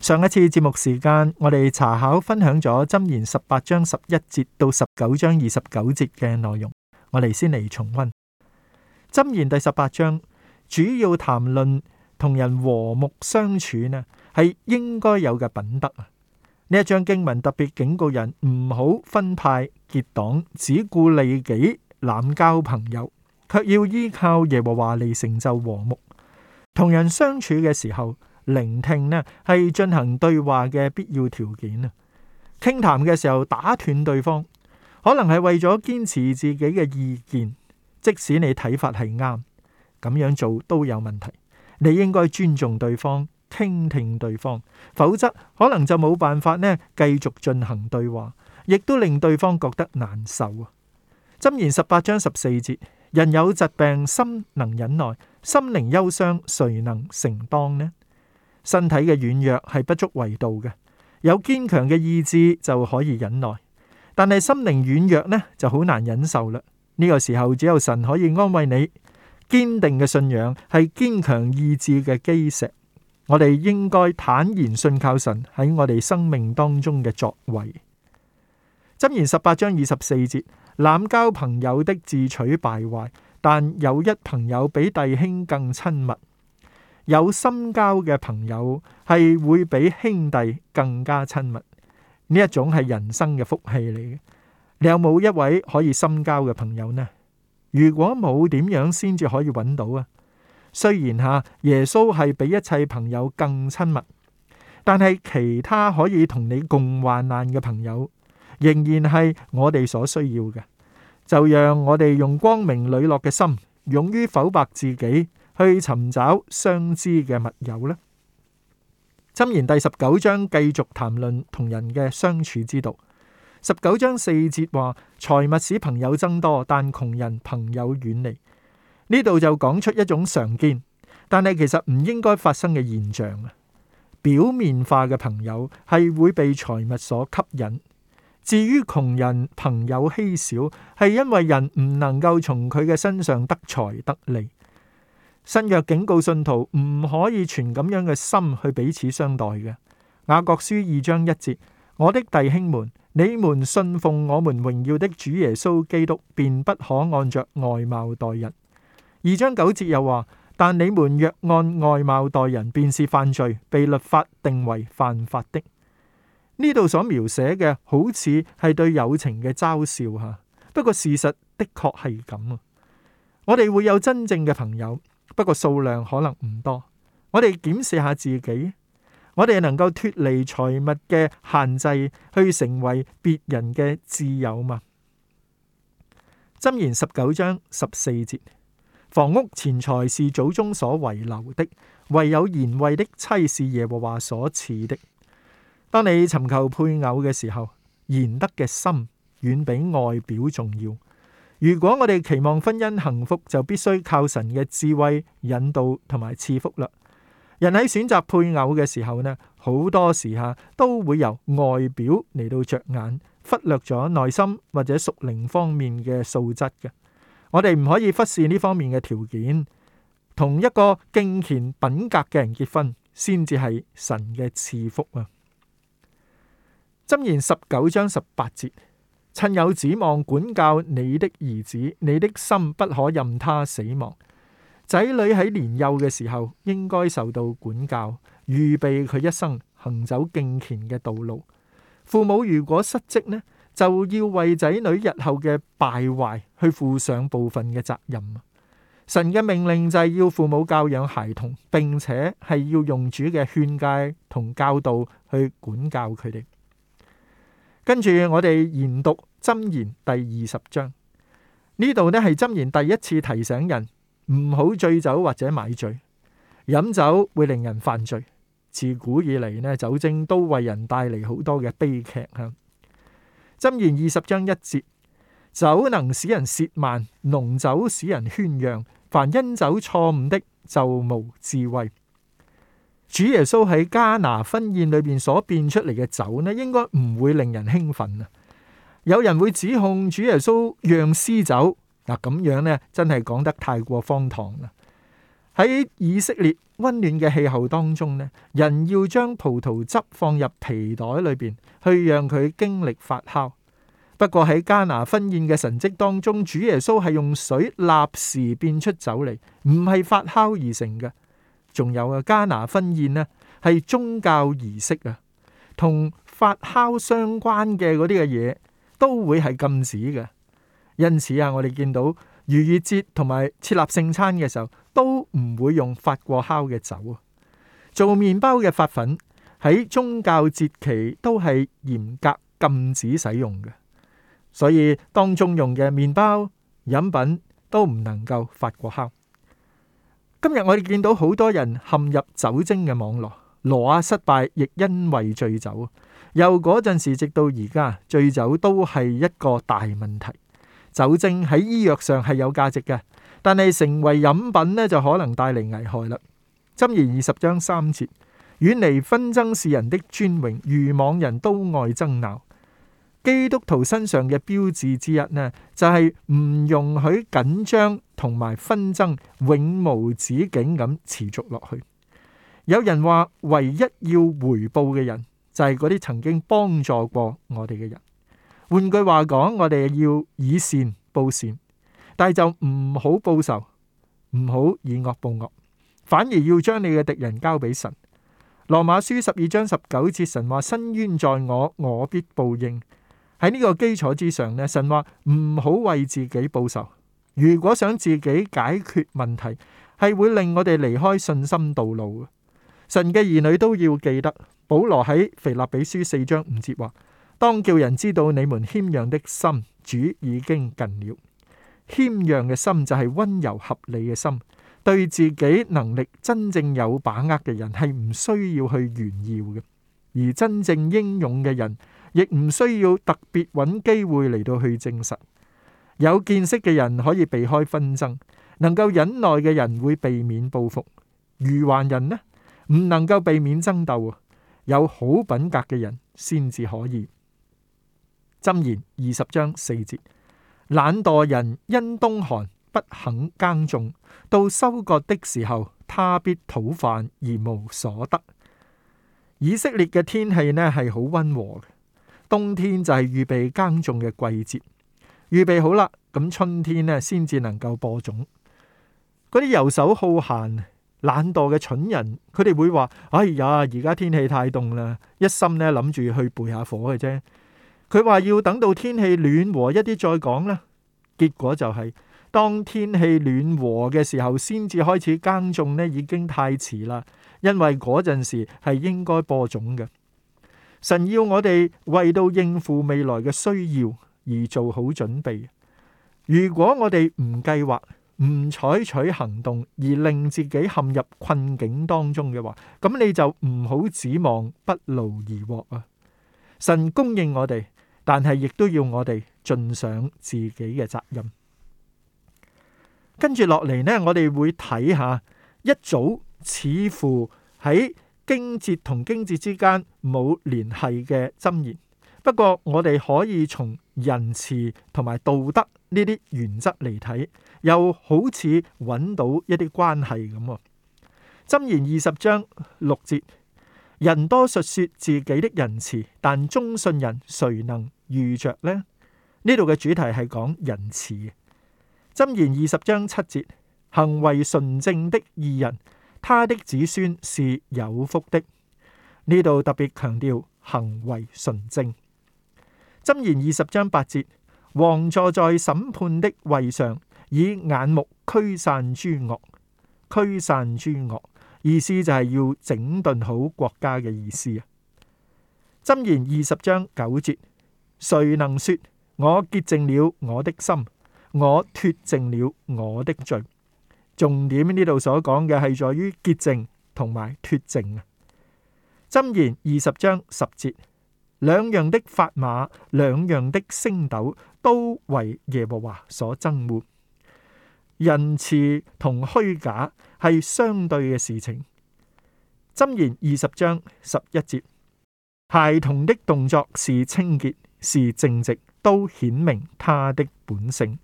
上一次節目時間，我哋查考分享咗《箴言》十八章十一節到十九章二十九節嘅內容。我哋先嚟重溫《箴言》第十八章，主要談論同人和睦相處呢，係應該有嘅品德。呢一章經文特別警告人唔好分派結黨，只顧利己，濫交朋友，卻要依靠耶和華嚟成就和睦。同人相處嘅時候。聆聽呢係進行對話嘅必要條件啊。傾談嘅時候打斷對方，可能係為咗堅持自己嘅意見，即使你睇法、係啱，咁樣做都有問題。你應該尊重對方，傾聽對方，否則可能就冇辦法呢，繼續進行對話，亦都令對方覺得難受啊。《箴言》十八章十四節：人有疾病，心能忍耐；心靈憂傷，誰能承當呢？身體嘅軟弱係不足為道嘅，有堅強嘅意志就可以忍耐，但係心靈軟弱呢就好難忍受啦。呢個時候只有神可以安慰你。堅定嘅信仰係堅強意志嘅基石，我哋應該坦然信靠神喺我哋生命當中嘅作為。箴言十八章二十四節：濫交朋友的自取敗壞，但有一朋友比弟兄更親密。有深交嘅朋友係會比兄弟更加親密，呢一種係人生嘅福氣嚟嘅。你有冇一位可以深交嘅朋友呢？如果冇，點樣先至可以揾到啊？雖然吓耶穌係比一切朋友更親密，但係其他可以同你共患難嘅朋友，仍然係我哋所需要嘅。就讓我哋用光明磊落嘅心，勇於剖白自己。去尋找相知嘅密友咧。箴言第十九章繼續談論同人嘅相處之道。十九章四節話：財物使朋友增多，但窮人朋友遠離。呢度就講出一種常見，但係其實唔應該發生嘅現象。表面化嘅朋友係會被財物所吸引，至於窮人，朋友稀少，係因為人唔能夠從佢嘅身上得財得利。新約警告信徒唔可以存咁樣嘅心去彼此相待嘅。雅各書二章一節：「我的弟兄們，你們信奉我們榮耀的主耶穌基督，便不可按着外貌待人。二章九節又話：「但你們若按外貌待人，便是犯罪，被律法定為犯法的。呢度所描寫嘅好似係對友情嘅嘲笑吓，不過事實的確係咁啊。我哋會有真正嘅朋友。不過數量可能唔多，我哋檢視下自己，我哋能夠脱離財物嘅限制，去成為別人嘅摯友嗎？箴言十九章十四節：房屋錢財是祖宗所遺留的，唯有賢惠的妻是耶和華所賜的。當你尋求配偶嘅時候，賢德嘅心遠比外表重要。如果我哋期望婚姻幸福，就必須靠神嘅智慧引導同埋賜福啦。人喺選擇配偶嘅時候呢，好多時下都會由外表嚟到着眼，忽略咗內心或者屬靈方面嘅素質嘅。我哋唔可以忽視呢方面嘅條件，同一個敬虔品格嘅人結婚，先至係神嘅賜福啊。箴言十九章十八節。趁有指望管教你的兒子，你的心不可任他死亡。仔女喺年幼嘅時候應該受到管教，預備佢一生行走敬虔嘅道路。父母如果失職呢，就要為仔女日後嘅敗壞去負上部分嘅責任。神嘅命令就係要父母教養孩童，並且係要用主嘅勸誡同教導去管教佢哋。跟住我哋研讀。箴言第二十章，呢度呢係箴言第一次提醒人唔好醉酒或者買醉，飲酒會令人犯罪。自古以嚟，呢酒精都為人帶嚟好多嘅悲劇啊！箴言二十章一節，酒能使人褻慢，濃酒使人喧嚷。凡因酒錯誤的，就無智慧。主耶穌喺迦拿婚宴裏邊所變出嚟嘅酒呢，應該唔會令人興奮啊！有人會指控主耶穌讓嗜酒，嗱咁樣咧，真係講得太過荒唐啦！喺以色列溫暖嘅氣候當中咧，人要將葡萄汁放入皮袋裏邊去，讓佢經歷發酵。不過喺迦拿婚宴嘅神跡當中，主耶穌係用水立時變出酒嚟，唔係發酵而成嘅。仲有啊，迦拿婚宴咧係宗教儀式啊，同發酵相關嘅嗰啲嘅嘢。都會係禁止嘅，因此啊，我哋見到逾越節同埋設立聖餐嘅時候，都唔會用發過酵嘅酒啊。做麵包嘅發粉喺宗教節期都係嚴格禁止使用嘅，所以當中用嘅麵包飲品都唔能夠發過酵。今日我哋見到好多人陷入酒精嘅網羅，挪亞失敗亦因為醉酒。由嗰陣時直到而家，醉酒都係一個大問題。酒精喺醫藥上係有價值嘅，但係成為飲品呢，就可能帶嚟危害啦。《箴言》二十章三節：遠離紛爭是人的尊榮，愚妄人都愛爭鬧。基督徒身上嘅標誌之一呢，就係唔容許緊張同埋紛爭永無止境咁持續落去。有人話：唯一要回報嘅人，就係嗰啲曾經幫助過我哋嘅人。換句話講，我哋要以善報善，但係就唔好報仇，唔好以惡報惡，反而要將你嘅敵人交俾神。羅馬書十二章十九節，神話：伸冤在我，我必報應。喺呢個基礎之上呢，神話唔好為自己報仇。如果想自己解決問題，係會令我哋離開信心道路嘅。神嘅兒女都要記得，保羅喺腓立比書四章五節話：當叫人知道你們謙讓的心，主已經近了。謙讓嘅心就係温柔合理嘅心，對自己能力真正有把握嘅人係唔需要去炫耀嘅；而真正英勇嘅人亦唔需要特別揾機會嚟到去證實。有見識嘅人可以避開紛爭，能夠忍耐嘅人會避免報復。愚頑人呢？唔能夠避免爭鬥，有好品格嘅人先至可以。箴言二十章四節：懶惰人因冬寒不肯耕種，到收割的時候，他必討飯而無所得。以色列嘅天氣呢係好溫和嘅，冬天就係預備耕種嘅季節，預備好啦，咁春天呢先至能夠播種。嗰啲遊手好閒。懶惰嘅蠢人，佢哋會話：哎呀，而家天氣太凍啦，一心咧諗住去背下火嘅啫。佢話要等到天氣暖和一啲再講啦。結果就係、是，當天氣暖和嘅時候，先至開始耕種咧，已經太遲啦。因為嗰陣時係應該播種嘅。神要我哋為到應付未來嘅需要而做好準備。如果我哋唔計劃，唔採取行動而令自己陷入困境當中嘅話，咁你就唔好指望不勞而獲啊！神供應我哋，但係亦都要我哋盡上自己嘅責任。跟住落嚟呢，我哋會睇下一組似乎喺經節同經節之間冇聯繫嘅箴言。不過，我哋可以從仁慈同埋道德呢啲原則嚟睇。又好似搵到一啲關係咁啊。箴言二十章六節，人多述說自己的仁慈，但忠信人誰能遇着呢？呢度嘅主題係講仁慈嘅。箴言二十章七節，行為純正的義人，他的子孫是有福的。呢度特別強調行為純正。箴言二十章八節，王坐在審判的位上。以眼目驅散諸惡，驅散諸惡意思就係要整頓好國家嘅意思啊。箴言二十章九節，誰能說我潔淨了我的心，我脫淨了我的罪？重點呢度所講嘅係在於潔淨同埋脫淨啊。箴言二十章十節，兩樣的法碼，兩樣的升斗，都為耶和華所憎惡。仁慈同虛假係相對嘅事情。箴言二十章十一節，孩童的動作是清潔，是正直，都顯明他的本性。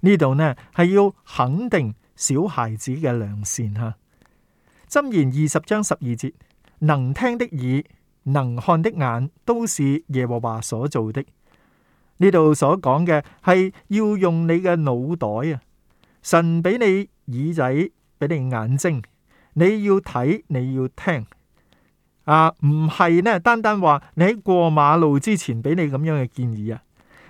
呢度呢係要肯定小孩子嘅良善吓。箴言二十章十二節，能聽的耳，能看的眼，都是耶和華所造的。呢度所講嘅係要用你嘅腦袋啊。神俾你耳仔，俾你眼睛，你要睇，你要聽啊！唔係咧，單單話你喺過馬路之前俾你咁樣嘅建議啊，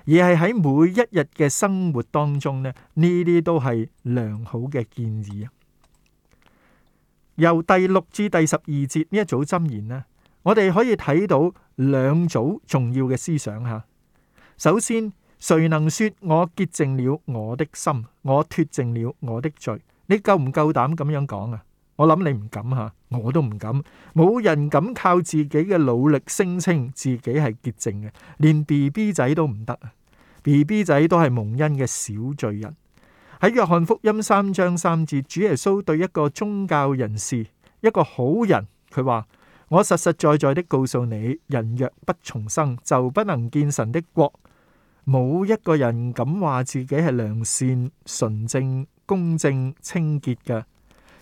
而係喺每一日嘅生活當中呢，呢啲都係良好嘅建議啊。由第六至第十二節呢一組箴言咧，我哋可以睇到兩組重要嘅思想吓。首先，誰能說我潔淨了我的心，我脱淨了我的罪？你夠唔夠膽咁樣講啊？我諗你唔敢吓，我都唔敢。冇人敢靠自己嘅努力聲稱自己係潔淨嘅，連 BB 仔都唔得！BB 仔都係蒙恩嘅小罪人。喺約翰福音三章三節，主耶穌對一個宗教人士，一個好人，佢話：我實實在在地告訴你，人若不重生就不能見神的國。冇一個人敢話自己係良善、純正、公正、清潔嘅，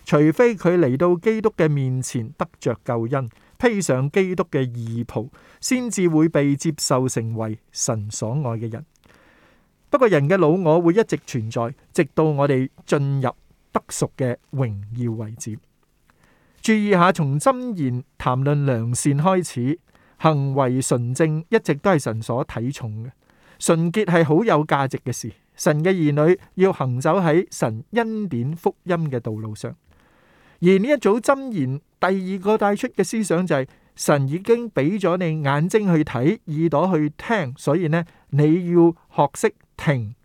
除非佢嚟到基督嘅面前，得着救恩，披上基督嘅義袍，先至會被接受成為神所愛嘅人。不過人嘅老我會一直存在，直到我哋進入得贖嘅榮耀為止。注意下，從箴言談論良善開始，行為純正一直都係神所睇重嘅。純潔係好有價值嘅事，神嘅兒女要行走喺神恩典福音嘅道路上。而呢一組箴言第二個帶出嘅思想就係、是、神已經俾咗你眼睛去睇，耳朵去聽，所以呢你要學識停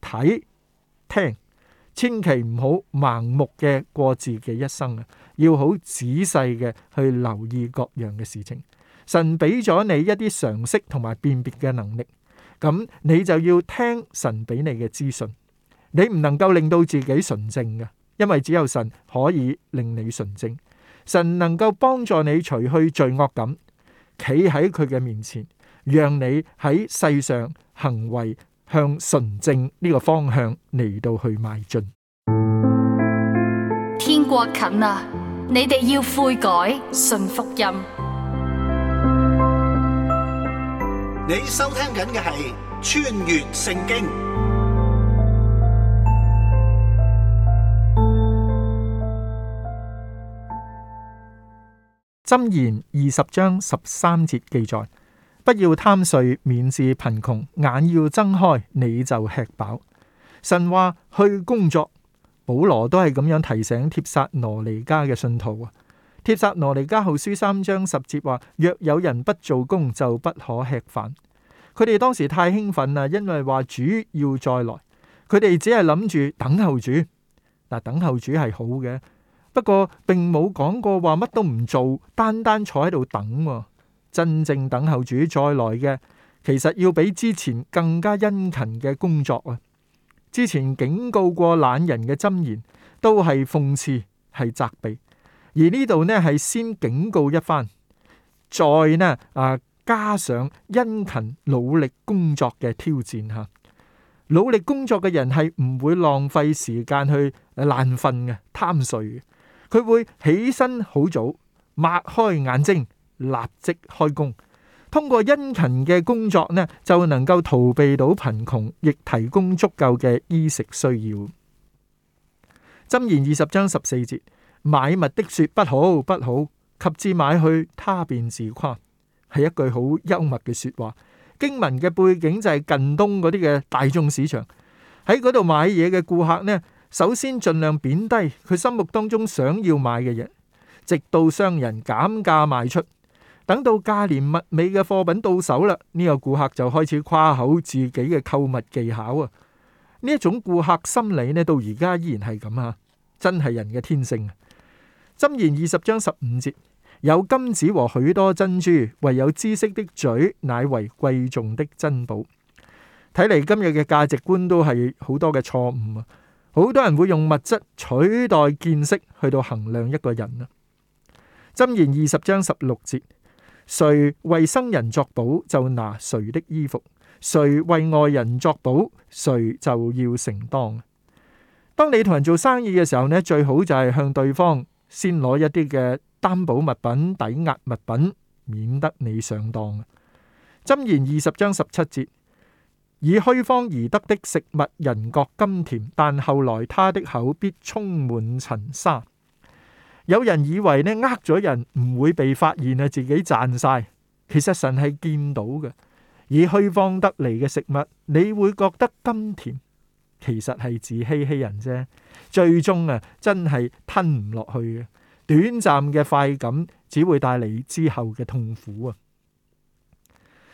睇聽，千祈唔好盲目嘅過自己一生啊！要好仔細嘅去留意各樣嘅事情。神俾咗你一啲常識同埋辨別嘅能力，咁你就要聽神俾你嘅資訊，你唔能夠令到自己純正嘅。因為只有神可以令你純正，神能夠幫助你除去罪惡感，企喺佢嘅面前，讓你喺世上行為向純正呢個方向嚟到去邁進。天國近呀，你哋要悔改，信福音。你收聽緊嘅係《穿越聖經》，箴言二十章十三節記載：不要貪睡，免致貧窮；眼要睜開，你就吃飽。神話去工作，保羅都係咁樣提醒帖撒羅尼迦嘅信徒帖撒羅尼加後書三章十節話：若有人不做工，就不可吃飯。佢哋當時太興奮啦，因為話主要再來。佢哋只係諗住等候主。等候主係好嘅，不過並冇講過話乜都唔做，單單坐喺度等。真正等候主再來嘅，其實要比之前更加殷勤嘅工作啊！之前警告過懶人嘅箴言，都係諷刺，係責備。而呢度呢，係先警告一番，再咧啊加上殷勤努力工作嘅挑戰吓。努力工作嘅人係唔會浪費時間去爛瞓嘅、貪睡，佢會起身好早，擘開眼睛立即開工。通過殷勤嘅工作呢，就能夠逃避到貧窮，亦提供足夠嘅衣食需要。箴言二十章十四節。買物的說不好，不好，及至買去，他便自誇，係一句好幽默嘅說話。經文嘅背景就係近東嗰啲嘅大眾市場，喺嗰度買嘢嘅顧客呢，首先盡量貶低佢心目當中想要買嘅嘢，直到商人減價賣出，等到價廉物美嘅貨品到手啦，呢個顧客就開始誇口自己嘅購物技巧啊！呢一種顧客心理呢，到而家依然係咁啊，真係人嘅天性箴言二十章十五節，有金子和許多珍珠，唯有知識的嘴乃為貴重的珍寶。睇嚟今日嘅價值觀都係好多嘅錯誤啊！好多人會用物質取代見識去到衡量一個人啊。箴言二十章十六節，誰為生人作保，就拿誰的衣服；誰為外人作保，誰就要承當。當你同人做生意嘅時候呢，最好就係向對方。先攞一啲嘅擔保物品、抵押物品，免得你上當。箴言二十章十七節，以虛方而得的食物，人覺甘甜，但後來他的口必充滿塵沙。有人以為呢，呃咗人唔會被發現啊，自己賺晒。其實神係見到嘅，以虛方得嚟嘅食物，你會覺得甘甜。其實係自欺欺人啫，最終啊真係吞唔落去嘅，短暫嘅快感只會帶嚟之後嘅痛苦啊！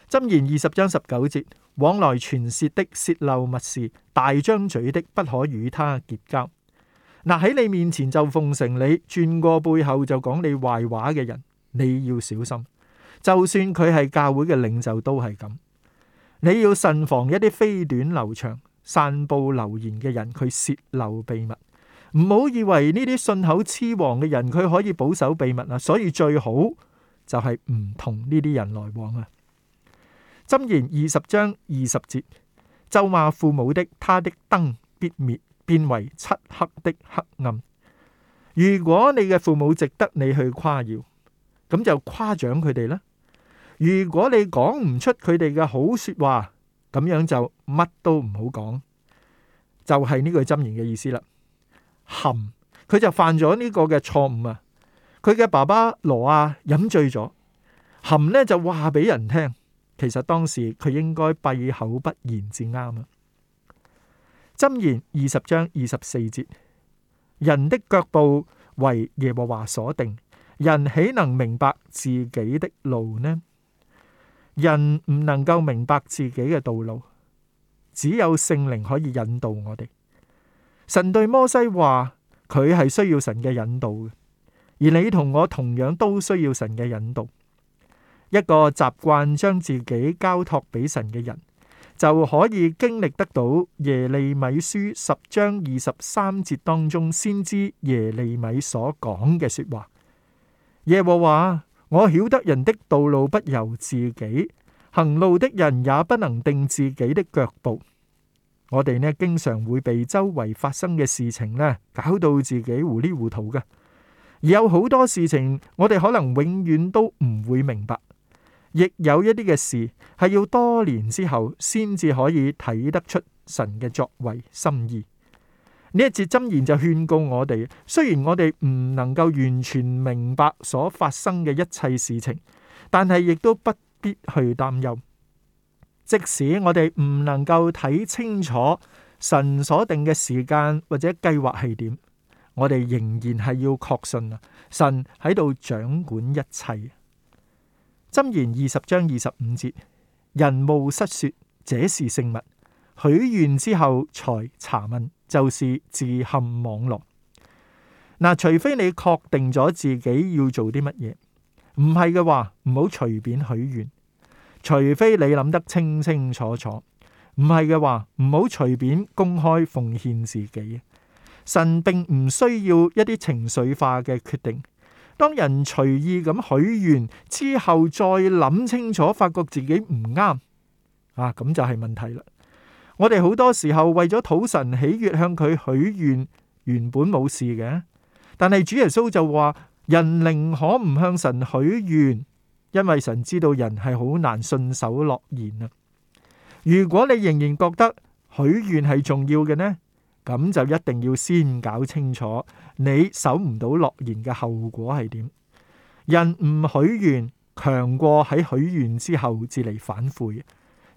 箴言二十章十九節，往來傳舌的，泄漏密事，大張嘴的，不可與他結交。嗱、啊，喺你面前就奉承你，轉過背後就講你壞話嘅人，你要小心。就算佢係教會嘅領袖，都係咁。你要慎防一啲飛短流長。散佈流言嘅人，佢洩漏秘密，唔好以為呢啲信口雌黃嘅人佢可以保守秘密啊！所以最好就係唔同呢啲人來往啊。箴言二十章二十節，咒罵父母的，他的燈必滅，變為漆黑的黑暗。如果你嘅父母值得你去誇耀，咁就誇獎佢哋啦。如果你講唔出佢哋嘅好說話。咁樣就乜都唔好講，就係呢句箴言嘅意思啦。含佢就犯咗呢個嘅錯誤啊！佢嘅爸爸羅亞飲醉咗，含呢就話俾人聽，其實當時佢應該閉口不言至啱啊！箴言二十章二十四節，人的腳步為耶和華所定，人豈能明白自己的路呢？人唔能夠明白自己嘅道路，只有聖靈可以引導我哋。神對摩西話，佢係需要神嘅引導嘅，而你同我同樣都需要神嘅引導。一個習慣將自己交託俾神嘅人，就可以經歷得到耶利米書十章二十三節當中先知耶利米所講嘅說話。耶和華。我曉得人的道路不由自己，行路的人也不能定自己的腳步。我哋呢，經常會被周圍發生嘅事情呢，搞到自己糊裡糊塗嘅。而有好多事情，我哋可能永遠都唔會明白，亦有一啲嘅事係要多年之後先至可以睇得出神嘅作為心意。呢一節箴言就勸告我哋，雖然我哋唔能夠完全明白所發生嘅一切事情，但係亦都不必去擔憂。即使我哋唔能夠睇清楚神所定嘅時間或者計劃係點，我哋仍然係要確信啊！神喺度掌管一切。箴言二十章二十五節：人冒失說，這是聖物。許願之後才查問，就是自陷網羅。嗱，除非你確定咗自己要做啲乜嘢，唔係嘅話，唔好隨便許願。除非你諗得清清楚楚，唔係嘅話，唔好隨便公開奉獻自己。神並唔需要一啲情緒化嘅決定。當人隨意咁許願之後，再諗清楚，發覺自己唔啱，啊，咁就係問題啦。我哋好多時候為咗討神喜悦，向佢許願，原本冇事嘅。但係主耶穌就話：人寧可唔向神許願，因為神知道人係好難信守諾言啊。如果你仍然覺得許願係重要嘅呢，咁就一定要先搞清楚你守唔到諾言嘅後果係點。人唔許願強過喺許願之後至嚟反悔。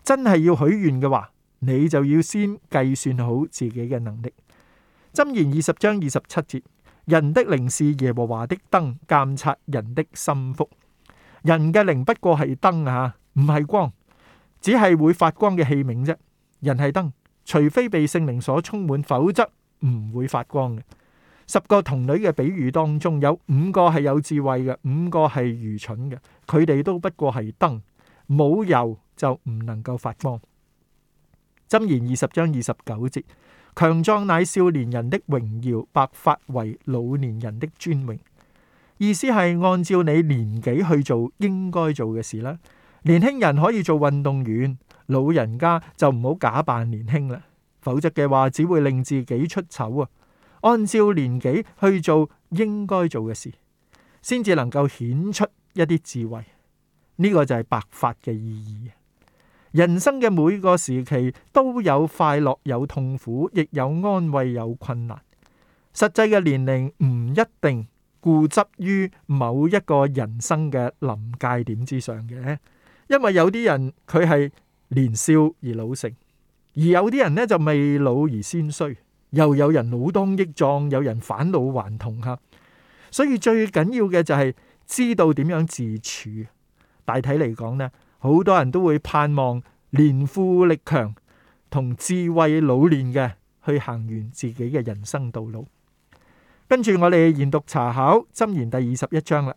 真係要許願嘅話。你就要先計算好自己嘅能力。箴言二十章二十七節：人的靈是耶和華的燈，監察人的心腹。人嘅靈不過係燈啊，唔係光，只係會發光嘅器皿啫。人係燈，除非被聖靈所充滿，否則唔會發光嘅。十個童女嘅比喻當中，有五個係有智慧嘅，五個係愚蠢嘅。佢哋都不過係燈，冇油就唔能夠發光。箴言二十章二十九節：強壯乃少年人的榮耀，白髮為老年人的尊榮。意思係按照你年紀去做應該做嘅事啦。年輕人可以做運動員，老人家就唔好假扮年輕啦，否則嘅話只會令自己出醜啊！按照年紀去做應該做嘅事，先至能夠顯出一啲智慧。呢、這個就係白髮嘅意義。人生嘅每個時期都有快樂有痛苦，亦有安慰有困難。實際嘅年齡唔一定固執於某一個人生嘅臨界點之上嘅，因為有啲人佢係年少而老成，而有啲人呢就未老而先衰，又有人老當益壯，有人返老還童吓。所以最緊要嘅就係知道點樣自處。大體嚟講呢。好多人都會盼望年富力強同智慧老練嘅去行完自己嘅人生道路。跟住我哋研讀查考《箴言》第二十一章啦，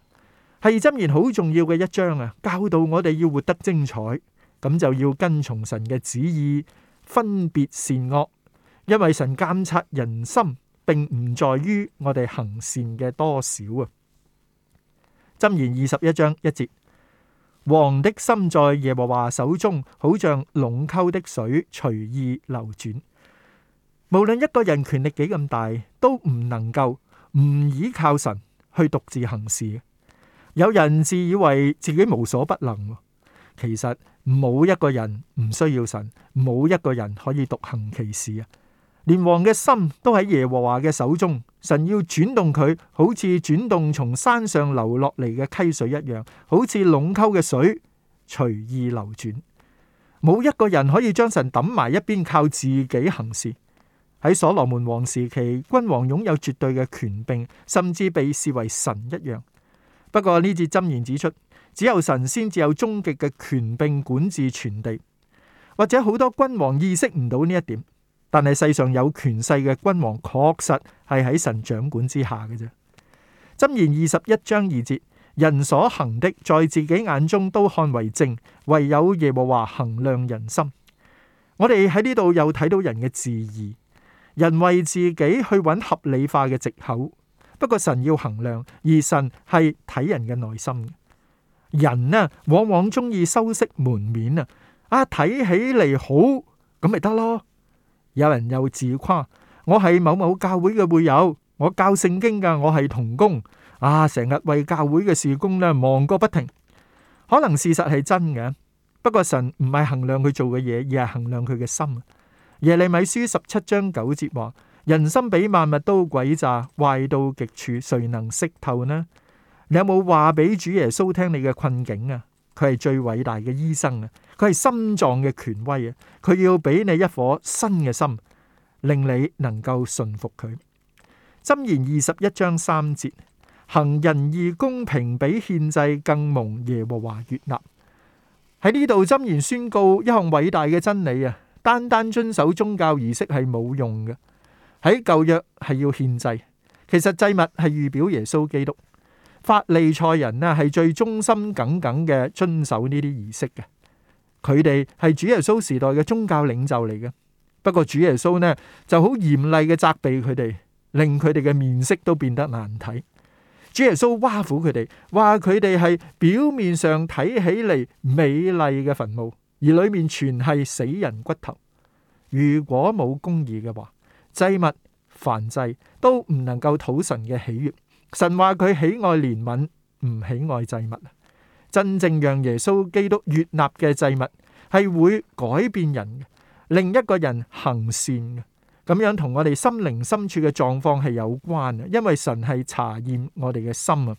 係《箴言》好重要嘅一章啊，教導我哋要活得精彩。咁就要跟從神嘅旨意，分別善惡，因為神監察人心，並唔在於我哋行善嘅多少啊。《箴言》二十一章一節。王的心在耶和華手中，好像隴溝的水隨意流轉。無論一個人權力幾咁大，都唔能夠唔依靠神去獨自行事。有人自以為自己無所不能，其實冇一個人唔需要神，冇一個人可以獨行其事啊！連王嘅心都喺耶和華嘅手中，神要轉動佢，好似轉動從山上流落嚟嘅溪水一樣，好似壟溝嘅水隨意流轉。冇一個人可以將神抌埋一邊，靠自己行事。喺所羅門王時期，君王擁有絕對嘅權柄，甚至被視為神一樣。不過呢節箴言指出，只有神先至有終極嘅權柄管治全地，或者好多君王意識唔到呢一點。但係世上有權勢嘅君王，確實係喺神掌管之下嘅啫。箴言二十一章二節：人所行的，在自己眼中都看為正，唯有耶和華衡量人心。我哋喺呢度又睇到人嘅質疑，人為自己去揾合理化嘅借口。不過神要衡量，而神係睇人嘅內心。人呢，啊，往往中意修飾門面啊，啊，睇起嚟好咁咪得咯。有人又自誇，我係某某教會嘅會友，我教聖經噶，我係同工，啊，成日為教會嘅事工咧忙個不停。可能事實係真嘅，不過神唔係衡量佢做嘅嘢，而係衡量佢嘅心。耶利米書十七章九節話：人心比萬物都詭詐，壞到極處，誰能識透呢？你有冇話俾主耶穌聽你嘅困境啊？佢係最偉大嘅醫生啊！佢係心臟嘅權威啊！佢要俾你一顆新嘅心，令你能夠順服佢。箴言二十一章三節：行仁義公平，比獻祭更蒙耶和華悦納。喺呢度箴言宣告一項偉大嘅真理啊！單單遵守宗教儀式係冇用嘅。喺舊約係要獻祭，其實祭物係預表耶穌基督。法利賽人呢係最忠心耿耿嘅，遵守呢啲儀式嘅，佢哋係主耶穌時代嘅宗教領袖嚟嘅。不過主耶穌呢就好嚴厲嘅責備佢哋，令佢哋嘅面色都變得難睇。主耶穌挖苦佢哋，話佢哋係表面上睇起嚟美麗嘅墳墓，而裏面全係死人骨頭。如果冇公義嘅話，祭物、凡祭都唔能夠討神嘅喜悅。神話佢喜愛憐憫，唔喜愛祭物。真正讓耶穌基督悅納嘅祭物，係會改變人嘅，令一個人行善嘅，咁樣同我哋心靈深處嘅狀況係有關啊！因為神係查驗我哋嘅心啊。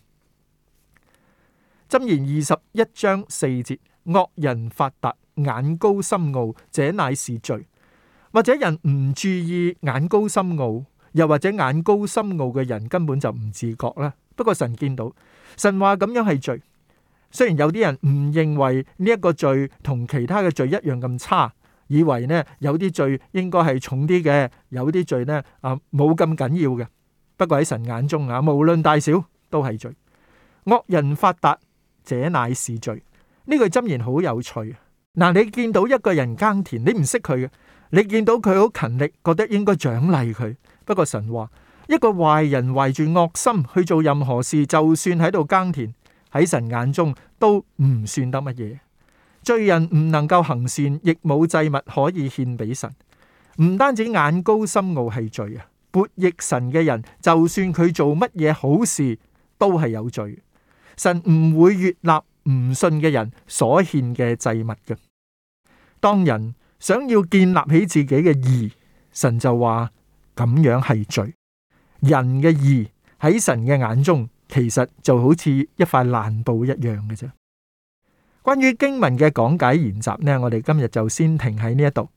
箴言二十一章四節：惡人發達，眼高心傲，這乃是罪。或者人唔注意眼高心傲。又或者眼高心傲嘅人根本就唔自覺啦。不過神見到神話咁樣係罪，雖然有啲人唔認為呢一個罪同其他嘅罪一樣咁差，以為呢有啲罪應該係重啲嘅，有啲罪呢啊冇咁緊要嘅。不過喺神眼中啊，無論大小都係罪。惡人發達，者乃是罪。呢句箴言好有趣啊！嗱，你見到一個人耕田，你唔識佢嘅，你見到佢好勤力，覺得應該獎勵佢。不過神話一個壞人懷住惡心去做任何事，就算喺度耕田，喺神眼中都唔算得乜嘢。罪人唔能夠行善，亦冇祭物可以獻俾神。唔單止眼高心傲係罪啊，悖逆神嘅人，就算佢做乜嘢好事，都係有罪。神唔會接納唔信嘅人所獻嘅祭物嘅。當人想要建立起自己嘅義，神就話，咁樣係罪，人嘅義喺神嘅眼中，其實就好似一塊爛布一樣嘅啫。關於經文嘅講解研習呢？我哋今日就先停喺呢一度。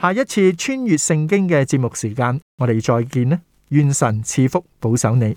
下一次穿越聖經嘅節目時間，我哋再見啦。願神賜福保守你。